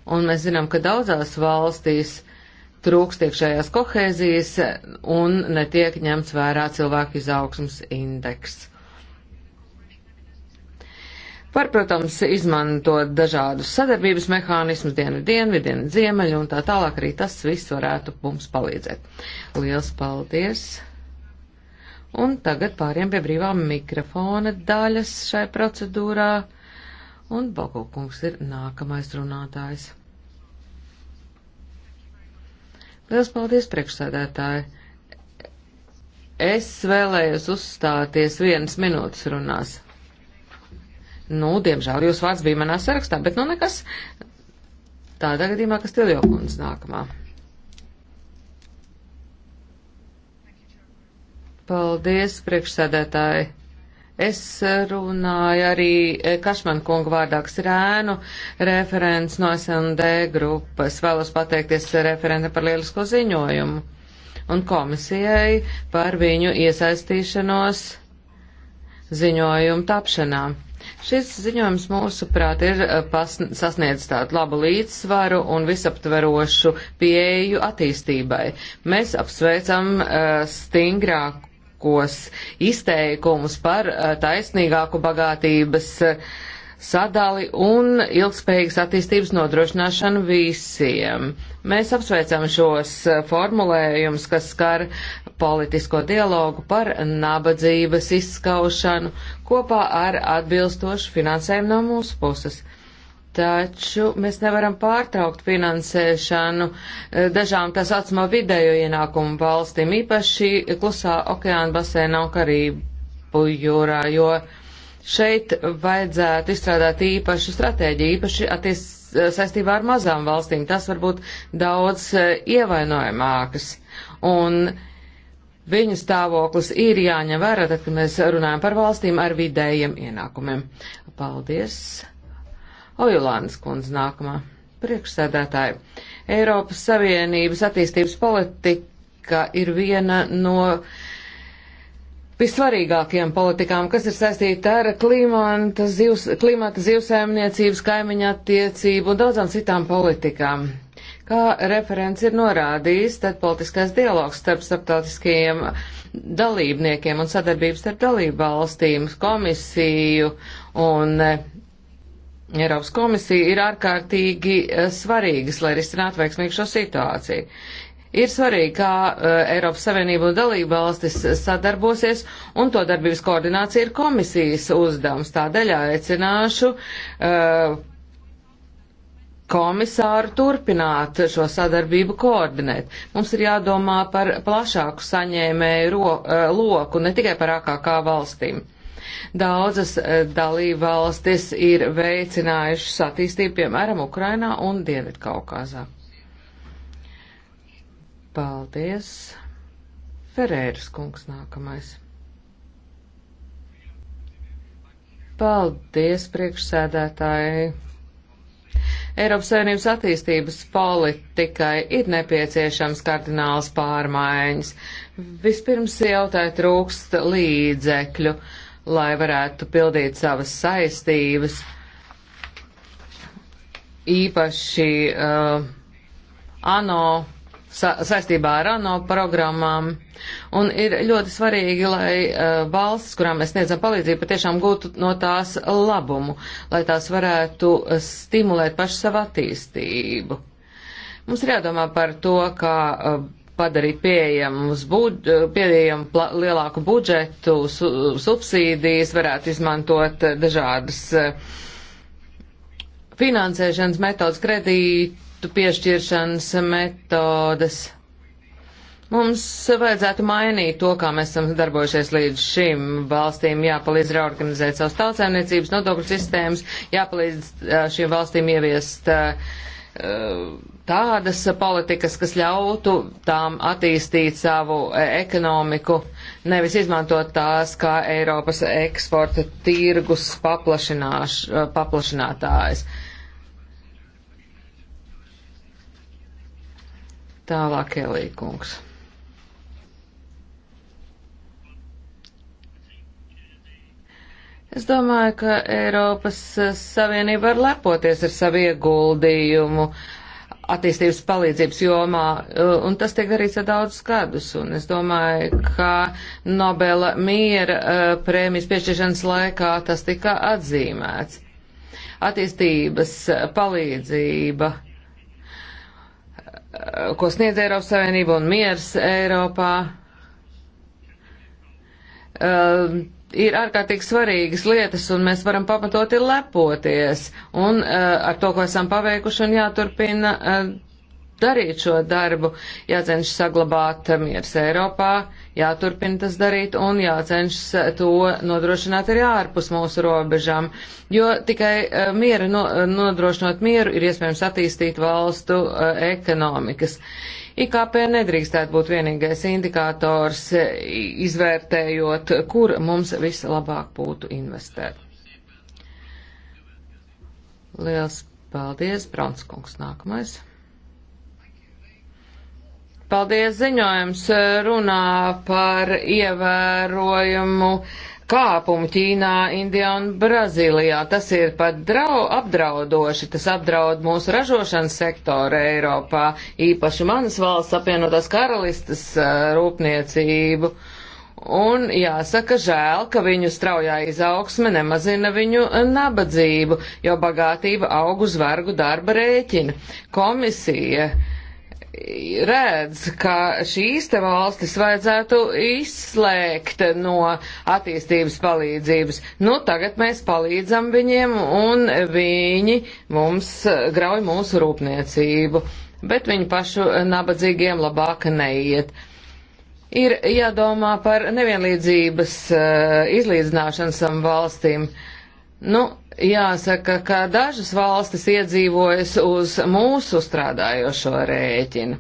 un mēs zinām, ka daudzās valstīs trūkst iekšējās kohēzijas un netiek ņemts vērā cilvēku izaugsmas indeks. Var, protams, izmantot dažādus sadarbības mehānismus, dienu dienu, dienu ziemeļu un tā tālāk arī tas viss varētu mums palīdzēt. Liels paldies! Un tagad pāriem pie brīvā mikrofona daļas šai procedūrā un Bako kungs ir nākamais runātājs. Liels paldies, priekšsēdētāji! Es vēlējos uzstāties vienas minūtes runās. Nu, diemžēl jūs vārds bija manā sarakstā, bet nu nekas. Tādā gadījumā, kas tev jau kundz nākamā. Paldies, priekšsēdētāji! Es runāju arī eh, Kašmanu kungu vārdā, kas ir ēnu referents no SND grupas. Vēlos pateikties referenta par lielisko ziņojumu un komisijai par viņu iesaistīšanos ziņojumu tapšanā. Šis ziņojums mūsuprāt ir eh, sasniedzis tādu labu līdzsvaru un visaptverošu pieeju attīstībai. Mēs apsveicam uh, eh, stingrāku vairākos izteikumus par eh, taisnīgāku bagātības eh, sadali un ilgspējīgas attīstības nodrošināšanu visiem. Mēs apsveicam šos eh, formulējumus, kas skar politisko dialogu par nabadzības izskaušanu kopā ar atbilstošu finansējumu no mūsu puses. Taču mēs nevaram pārtraukt finansēšanu eh, dažām tā saucamā vidējo ienākumu valstīm, īpaši klusā okeāna basēnā un Karību jūrā, jo šeit vajadzētu izstrādāt īpašu stratēģiju, īpaši attiec, eh, saistībā ar mazām valstīm. Tas var būt daudz eh, ievainojamākas. Un viņu stāvoklis ir jāņem vērā, tad, kad mēs runājam par valstīm ar vidējiem ienākumiem. Paldies! Ojulānas kundze nākamā. Priekšsēdētāji, Eiropas Savienības attīstības politika ir viena no vissvarīgākajām politikām, kas ir saistīta ar klimata, zivs, klimata zivsēmniecības, kaimiņa attiecību un daudzām citām politikām. Kā referents ir norādījis, tad politiskais dialogs starp starptautiskajiem dalībniekiem un sadarbības starp dalību valstīm, komisiju un eh, Eiropas komisija ir ārkārtīgi eh, svarīgas, lai risinātu veiksmīgu šo situāciju. Ir svarīgi, kā uh, Eiropas Savienība un dalība valstis sadarbosies, un to darbības koordinācija ir komisijas uzdevums. Tādēļ aicināšu uh, komisāru turpināt šo sadarbību koordinēt. Mums ir jādomā par plašāku saņēmēju roku, ne tikai par AKK valstīm. Uh, Daudzas eh, dalībvalstis ir veicinājušas attīstību, piemēram, Ukrainā un Dienvidkaukāzā. Paldies! Ferēras kungs nākamais. Paldies, priekšsēdētāji! Eiropas Savienības attīstības politikai ir nepieciešams kardināls pārmaiņas. Vispirms jautāja trūkst līdzekļu. Uh, lai varētu pildīt savas saistības, īpaši uh, ANO, sa saistībā ar ANO programmām. Un ir ļoti svarīgi, lai uh, valsts, kurām mēs sniedzam palīdzību, patiešām gūtu no tās labumu, lai tās varētu stimulēt pašu savu attīstību. Mums ir jādomā par to, kā uh, padarīt pieejamus bud, pieejamu pla, lielāku budžetu, su, subsīdijas, varētu izmantot dažādas eh, finansēšanas metodas, kredītu piešķiršanas metodas. Mums vajadzētu mainīt to, kā mēs esam darbojušies līdz šim. Valstīm jāpalīdz reorganizēt savas tautsēmniecības nodokļu sistēmas, jāpalīdz eh, šīm valstīm ieviest uh, tādas politikas, kas ļautu tām attīstīt savu e, ekonomiku, nevis izmantot tās kā Eiropas eksporta tirgus e, paplašinātājs. Tālāk Elīkungs. Es domāju, ka Eiropas Savienība var lepoties ar savu ieguldījumu uh, attīstības palīdzības jomā, uh, un tas tiek darīts ar daudz gadus, un es domāju, ka Nobela miera uh, prēmijas piešķiršanas laikā tas tika atzīmēts. Attīstības palīdzība, uh, ko sniedz Eiropas Savienība un miers Eiropā. Um, ir ārkārtīgi svarīgas lietas, un mēs varam pamatoti lepoties un uh, ar to, ko esam paveikuši, un jāturpina uh, darīt šo darbu, jācenšas saglabāt miers Eiropā, jāturpina tas darīt un jācenšas to nodrošināt arī ārpus mūsu robežām, jo tikai uh, miera, no, nodrošinot mieru, ir iespējams attīstīt valstu uh, ekonomikas. Uh, IKP nedrīkstētu būt vienīgais indikators, e, izvērtējot, kur mums vislabāk būtu investēt. Liels paldies, Braunskungs, nākamais. Paldies, ziņojums e, runā par ievērojumu uh, kāpumu Ķīnā, Indijā un Brazīlijā. Tas ir pat drau, apdraudoši, tas apdraud mūsu ražošanas sektoru Eiropā, īpaši manas valsts apvienotās karalistas uh, rūpniecību. Un jāsaka žēl, ka viņu straujā izaugsme nemazina viņu uh, nabadzību, jo bagātība aug uz vergu darba rēķina. Komisija uh, redz, ka šīs te valstis vajadzētu izslēgt no attīstības palīdzības. Nu, tagad mēs palīdzam viņiem un viņi mums grauj mūsu rūpniecību, bet viņu pašu nabadzīgiem labāk neiet. Ir jādomā par nevienlīdzības eh, izlīdzināšanu sam valstīm. Nu, Jāsaka, ka dažas valstis iedzīvojas uz mūsu strādājošo rēķinu.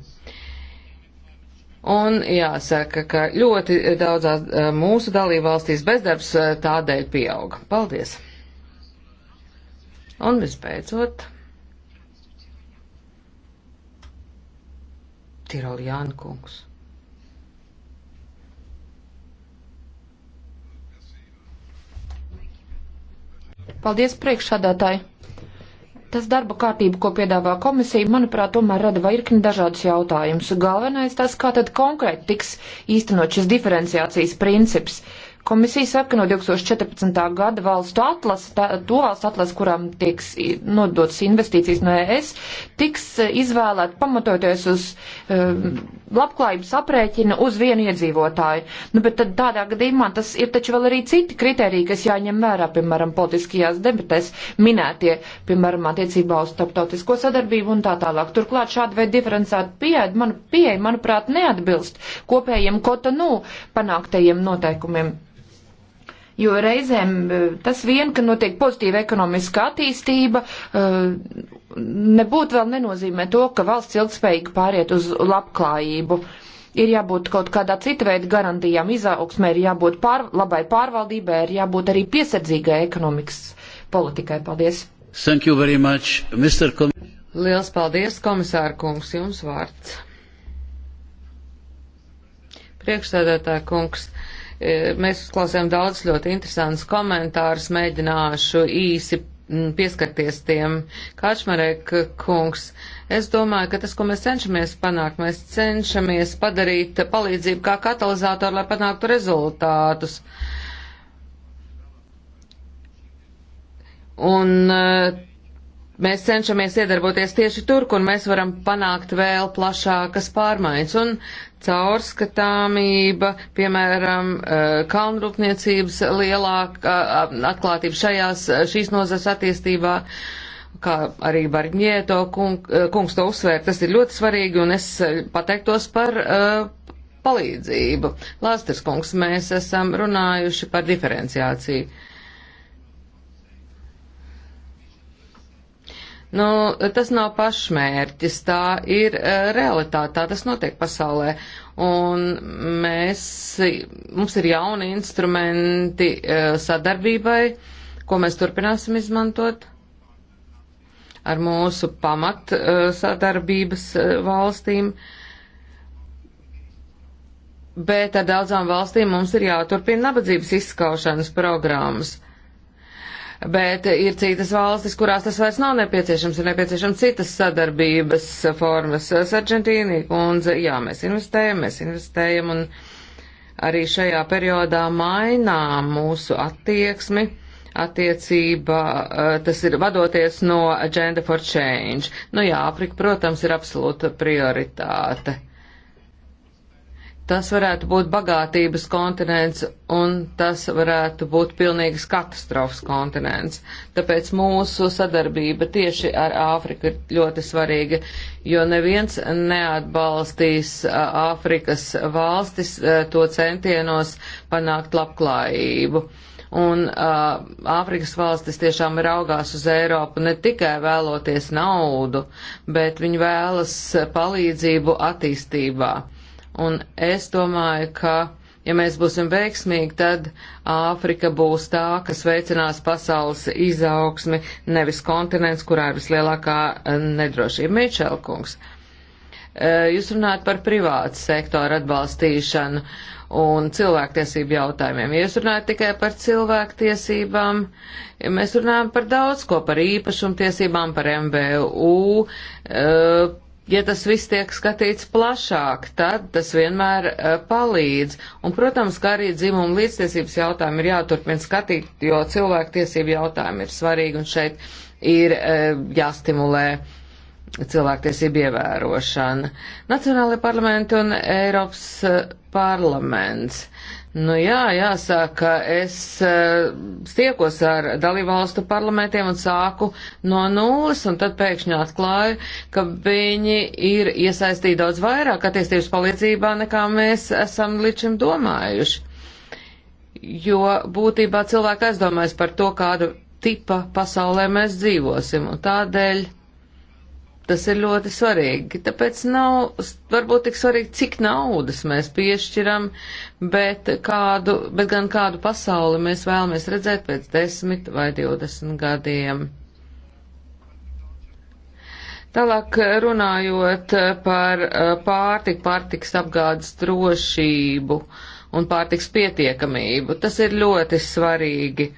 Un jāsaka, ka ļoti daudzās eh, mūsu dalībvalstīs bezdarbs eh, tādēļ pieauga. Paldies! Un visbeidzot, Tiroljāna kungs. Paldies priekšsādātāji. Tas darba kārtība, ko piedāvā komisija, manuprāt, tomēr rada virkni dažādus jautājumus. Galvenais tas, kā tad konkrēti tiks īstenot šis diferenciācijas princips. Uh, Komisija saka, no 2014. gada valstu atlasa, tā, to valstu atlasa, kurām tiks nodotas investīcijas no ES, tiks e, izvēlēt pamatoties uz um, labklājības aprēķina uz vienu iedzīvotāju. Nu, bet tad tādā gadījumā tas ir taču vēl arī citi kriteriji, kas jāņem vērā, piemēram, politiskajās debatēs minētie, piemēram, attiecībā uz starptautisko sadarbību un tā tālāk. Turklāt šāda veida diferencēta pieeja, manu, pieeja, manuprāt, neatbilst kopējiem kotanu panāktajiem noteikumiem jo reizēm e, tas vien, ka notiek pozitīva ekonomiska attīstība, e, nebūtu vēl nenozīmē to, ka valsts ilgspējīgi pāriet uz labklājību ir jābūt kaut kādā cita veida garantijām izaugsmē, ir jābūt pār, labai pārvaldībai, ir jābūt arī piesardzīgai ekonomikas politikai. Paldies! Thank you very much, Mr. Com Liels paldies, komisāra kungs, jums vārds. Priekšsēdētāja kungs, Mēs uzklausījām daudz ļoti interesants komentārus, mēģināšu īsi mm, pieskarties tiem. Kačmarek kungs, es domāju, ka tas, ko mēs cenšamies panākt, mēs cenšamies padarīt palīdzību kā katalizātoru, lai panāktu rezultātus. Un eh, mēs cenšamies iedarboties tieši tur, kur mēs varam panākt vēl plašākas pārmaiņas. Un caurskatāmība, piemēram, eh, kalnrūpniecības lielāka eh, atklātība šajās, eh, šīs nozars attīstībā, kā arī Barņieto kung, kungs to uzsvēr, tas ir ļoti svarīgi un es pateiktos par uh, palīdzību. Lāsters kungs, mēs esam runājuši par diferenciāciju. Nu, tas nav pašmērķis, tā ir e, realitāte, tā tas notiek pasaulē. Un mēs, mums ir jauni instrumenti e, sadarbībai, ko mēs turpināsim izmantot ar mūsu pamat e, sadarbības valstīm. Bet ar daudzām valstīm mums ir jāturpina nabadzības izskaušanas programmas bet ir citas valstis, kurās tas vairs nav nepieciešams, ir nepieciešams citas sadarbības formas. Sargentīni kundze, jā, mēs investējam, mēs investējam un arī šajā periodā mainām mūsu attieksmi attiecībā, eh, tas ir vadoties no Agenda for Change. Nu jā, Afrika, protams, ir absolūta prioritāte. Tas varētu būt bagātības kontinents un tas varētu būt pilnīgas katastrofas kontinents. Tāpēc mūsu sadarbība tieši ar Āfriku ir ļoti svarīga, jo neviens neatbalstīs Āfrikas valstis to centienos panākt labklājību. Un Āfrikas valstis tiešām raugās uz Eiropu ne tikai vēloties naudu, bet viņi vēlas palīdzību attīstībā Un es domāju, ka, ja mēs būsim veiksmīgi, tad Āfrika būs tā, kas veicinās pasaules izaugsmi, nevis kontinents, kurā ir vislielākā eh, nedrošība. Mičelkungs. Eh, jūs runājat par privātu sektoru atbalstīšanu un cilvēktiesību jautājumiem. Ja jūs runājat tikai par cilvēktiesībām, ja mēs runājam par daudz ko, par īpašumtiesībām, par MVU, eh, ja tas viss tiek skatīts plašāk, tad tas vienmēr uh, palīdz. Un, protams, ka arī dzimuma līdztiesības jautājumi ir jāturpina skatīt, jo cilvēktiesību jautājumi ir svarīgi un šeit ir uh, jāstimulē cilvēktiesību ievērošana. Nacionālajie parlamenti un Eiropas uh, parlaments. Uh, Nu jā, jāsaka, es uh, stiekos ar dalībvalstu parlamentiem un sāku no nulles, un tad pēkšņi atklāju, ka viņi ir iesaistīti daudz vairāk attīstības palīdzībā, nekā mēs esam līdz šim domājuši. Jo būtībā cilvēki aizdomājas par to, kādu tipa pasaulē mēs dzīvosim, un tādēļ Tas ir ļoti svarīgi. Tāpēc nav varbūt tik svarīgi, cik naudas mēs piešķiram, bet, kādu, bet gan kādu pasauli mēs vēlamies redzēt pēc 10 vai 20 gadiem. Tālāk runājot par eh, pārtiku, pārtiks apgādes drošību un pārtiks pietiekamību, tas ir ļoti svarīgi.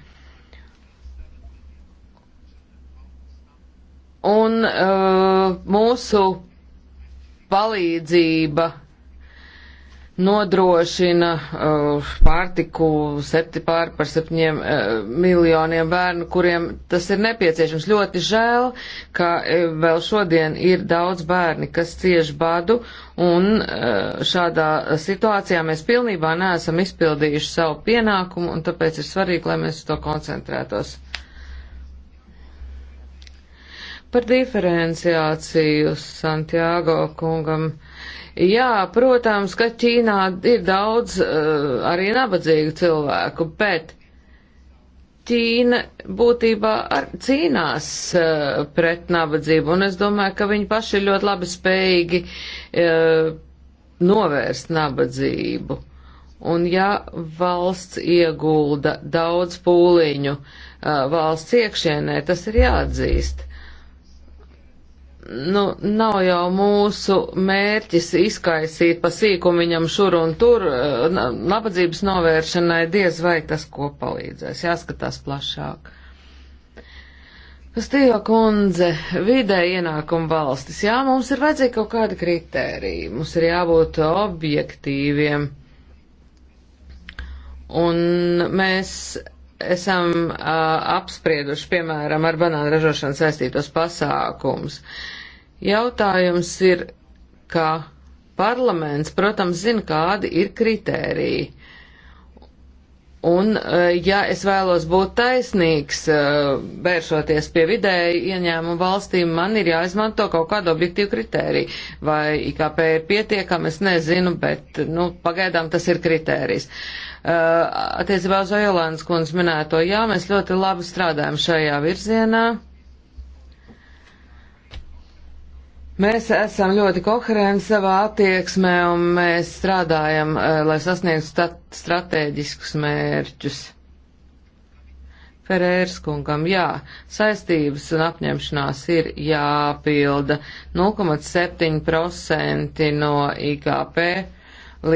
un uh, mūsu palīdzība nodrošina uh, pārtiku septi pār par septiņiem uh, miljoniem bērnu, kuriem tas ir nepieciešams. Ļoti žēl, ka uh, vēl šodien ir daudz bērni, kas cieš badu, un uh, šādā situācijā mēs pilnībā neesam izpildījuši savu pienākumu, un tāpēc ir svarīgi, lai mēs uz to koncentrētos. Par diferenciāciju Santiago kungam. Jā, protams, ka Ķīnā ir daudz uh, arī nabadzīgu cilvēku, bet Ķīna būtībā ar, cīnās uh, pret nabadzību, un es domāju, ka viņi paši ir ļoti labi spējīgi uh, novērst nabadzību. Un ja valsts iegulda daudz pūliņu uh, valsts iekšienē, tas ir jāatzīst nu, nav jau mūsu mērķis izkaisīt pa sīkumu viņam šur un tur, eh, nabadzības novēršanai diez vai tas, ko palīdzēs, jāskatās plašāk. Kastījo kundze, vidē ienākuma valstis, jā, mums ir vajadzīgi kaut kādi kritēriji, mums ir jābūt objektīviem. Un mēs esam uh, apsprieduši, piemēram, ar banānu ražošanu saistītos pasākums. Uh, Jautājums ir, ka parlaments, protams, zina, kādi ir kritēriji. Un, e, ja es vēlos būt taisnīgs, e, vēršoties pie vidēji ieņēmumu valstīm, man ir jāizmanto kaut kāda objektīva kritērija. Vai IKP ir pietiekama, es nezinu, bet, nu, pagaidām tas ir kritērijs. E, attiecībā uz Ojolānas kundzes minēto, jā, mēs ļoti labi strādājam šajā virzienā. Mēs esam ļoti koherenti savā attieksmē un mēs strādājam, eh, lai sasniegtu strateģiskus mērķus. Ferērs kungam, jā, saistības un apņemšanās ir jāpilda 0,7% no IKP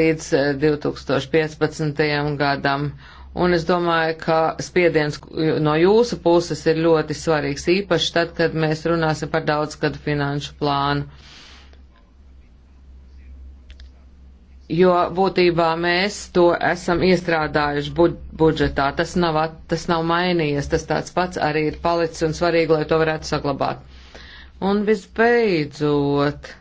līdz 2015. Eh, gadam Un es domāju, ka spiediens no jūsu puses ir ļoti svarīgs, īpaši tad, kad mēs runāsim par daudzgadu finanšu plānu. Jo būtībā mēs to esam iestrādājuši budžetā. Tas nav, tas nav mainījies, tas tāds pats arī ir palicis un svarīgi, lai to varētu saglabāt. Un visbeidzot,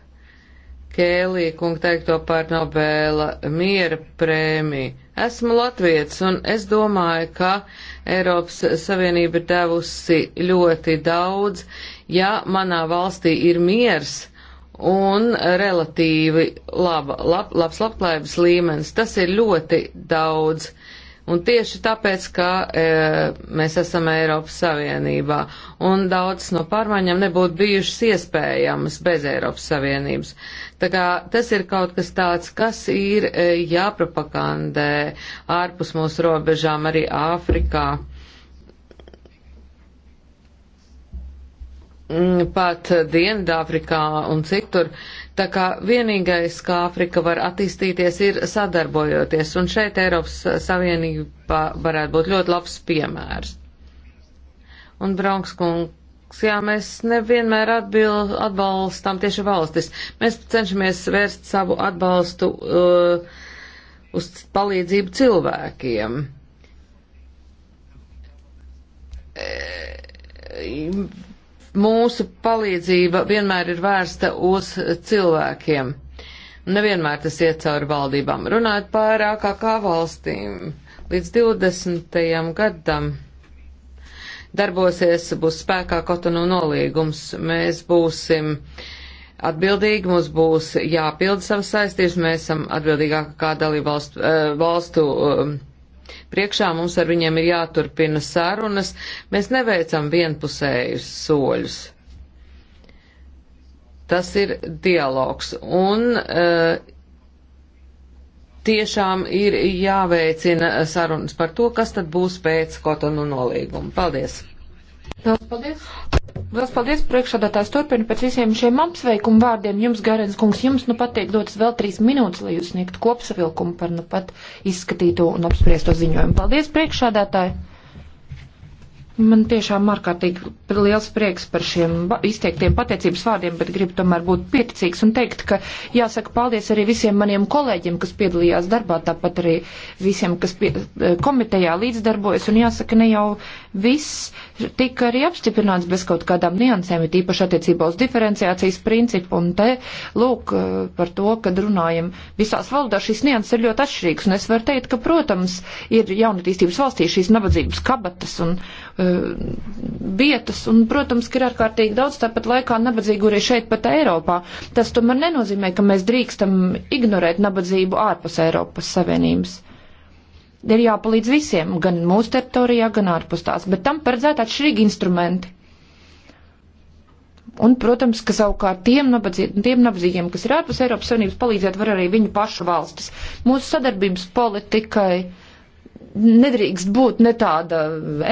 Kēlī kunga teikto par Nobela miera prēmiju Esmu latvietis, un es domāju, ka Eiropas Savienība ir devusi ļoti daudz, ja manā valstī ir miers un relatīvi laba, lab, labs labklājības līmenis. Tas ir ļoti daudz. Uh, Un tieši tāpēc, ka e, mēs esam Eiropas Savienībā, un daudzas no pārmaiņām nebūtu bijušas iespējamas bez Eiropas Savienības. Tā kā tas ir kaut kas tāds, kas ir e, jāpropagandē ārpus mūsu robežām arī Āfrikā Mm, pat Dienvidāfrikā un citur. Tā kā vienīgais, kā Afrika var attīstīties, ir sadarbojoties, un šeit Eiropas Savienība varētu būt ļoti labs piemērs. Un Bronks kungs, jā, mēs nevienmēr atbil, atbalstam tieši valstis. Mēs cenšamies vērst savu atbalstu uh, uz palīdzību cilvēkiem. E, mūsu palīdzība vienmēr ir vērsta uz cilvēkiem. Nevienmēr tas iet cauri valdībām. Runājot par AKK valstīm, līdz 20. gadam darbosies, būs spēkā Kotonu nolīgums. Mēs būsim atbildīgi, mums būs jāpilda savas saistības, mēs esam atbildīgākā dalība valstu, eh, valstu eh, priekšā, mums ar viņiem ir jāturpina sarunas, mēs neveicam vienpusējus soļus. Tas ir dialogs. Un, uh, tiešām ir jāveicina sarunas par to, kas tad būs pēc Kotonu nolīguma. Paldies! Paldies! Lielas paldies, priekšādātājs turpina pēc visiem šiem apsveikumu vārdiem. Jums, Garens kungs, jums nu pat tiek dotas vēl trīs minūtes, lai jūs sniegtu kopsavilkumu par nu pat izskatīto un apspriesto ziņojumu. Paldies, priekšādātāji! Man tiešām ārkārtīgi liels prieks par šiem izteiktiem pateicības vārdiem, bet gribu tomēr būt pieticīgs un teikt, ka jāsaka paldies arī visiem maniem kolēģiem, kas piedalījās darbā, tāpat arī visiem, kas pie, eh, komitejā līdzdarbojas, un jāsaka ne jau viss tika arī apstiprināts bez kaut kādām niansēm, ir tīpaši attiecībā uz diferenciācijas principu, un te, lūk, eh, par to, kad runājam visās valodās, šīs nianses ir ļoti atšķirīgas, un es varu teikt, ka, protams, ir jaunatīstības valstī šīs nabadzības kabatas un uh, vietas, un, protams, ka ir ārkārtīgi daudz tāpat laikā nabadzīgu arī šeit pat Eiropā. Tas tomēr nenozīmē, ka mēs drīkstam ignorēt nabadzību ārpus Eiropas Savienības ir jāpalīdz visiem, gan mūsu teritorijā, gan ārpus tās, bet tam paredzēta atšķirīgi instrumenti. Un, protams, ka savukārt tiem, nabadzī, tiem nabadzīgiem, kas ir ārpus Eiropas Savienības, palīdzēt var arī viņu pašu valstis. Mūsu sadarbības politikai nedrīkst būt ne tāda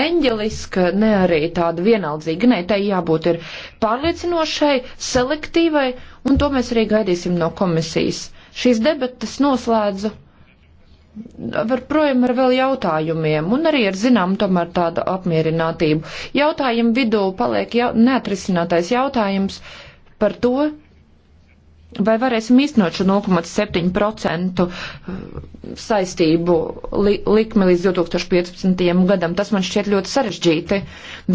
eņģeliska, ne arī tāda vienaldzīga. Nē, tai jābūt ir pārliecinošai, selektīvai, un to mēs arī gaidīsim no komisijas. Šīs debatas noslēdzu var projām ar vēl jautājumiem un arī ar zinām tomēr tādu apmierinātību. Jautājumu vidū paliek jau, neatrisinātais jautājums par to, vai varēsim īstenot šo 0,7% eh, saistību li, likmi līdz 2015. gadam. Tas man šķiet ļoti sarežģīti,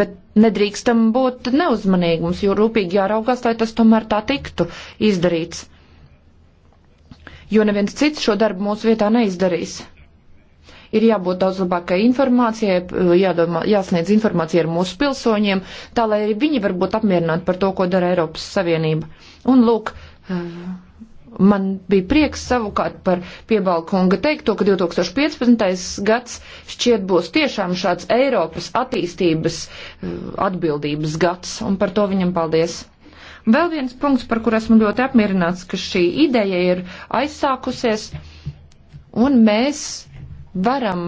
bet nedrīkstam būt neuzmanīgums, jo rūpīgi jāraugās, lai tas tomēr tā tiktu izdarīts jo neviens cits šo darbu mūsu vietā neizdarīs. Ir jābūt daudz labākai informācijai, jādomā, jāsniedz informācija ar mūsu pilsoņiem, tā lai arī viņi var būt apmierināti par to, ko dara Eiropas Savienība. Un lūk, eh, man bija prieks savukārt par piebalkonga teikto, ka 2015. gads šķiet būs tiešām šāds Eiropas attīstības eh, atbildības gads, un par to viņam paldies. Vēl viens punkts, par kur esmu ļoti apmierināts, ka šī ideja ir aizsākusies, un mēs varam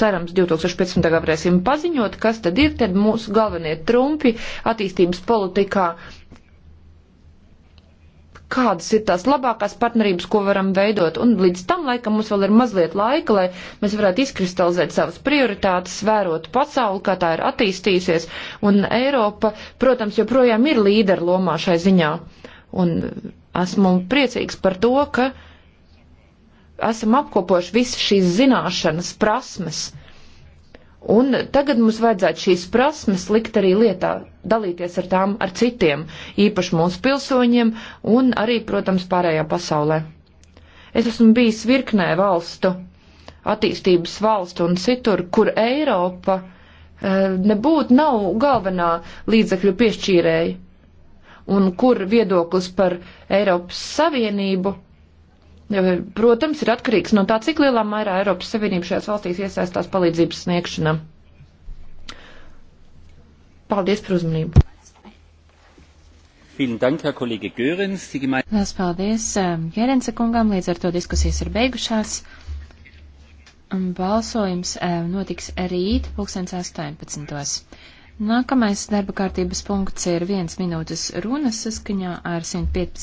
cerams, 2015. gadā varēsim paziņot, kas tad ir tad mūsu galvenie trumpi attīstības politikā kādas ir tās labākās partnerības, ko varam veidot. Un līdz tam laikam mums vēl ir mazliet laika, lai mēs varētu izkristalizēt savas prioritātes, vērot pasauli, kā tā ir attīstījusies. Un Eiropa, protams, joprojām ir līdera lomā šai ziņā. Un esmu priecīgs par to, ka esam apkopoši visas šīs zināšanas, prasmes. Uh, Un tagad mums vajadzētu šīs prasmes likt arī lietā, dalīties ar tām ar citiem, īpaši mūsu pilsoņiem un arī, protams, pārējā pasaulē. Es esmu bijis virknē valstu, attīstības valstu un citur, kur Eiropa eh, nebūtu nav galvenā līdzekļu piešķīrēja un kur viedoklis par Eiropas Savienību protams, ir atkarīgs no tā, cik lielā mērā Eiropas Savienība šajās valstīs iesaistās palīdzības sniegšanā. Paldies par uzmanību. Lielas paldies Gerense kungam, līdz ar to diskusijas ir beigušās. Balsojums notiks rīt, 2018. Nākamais darba kārtības punkts ir viens minūtes runas saskaņā ar 115.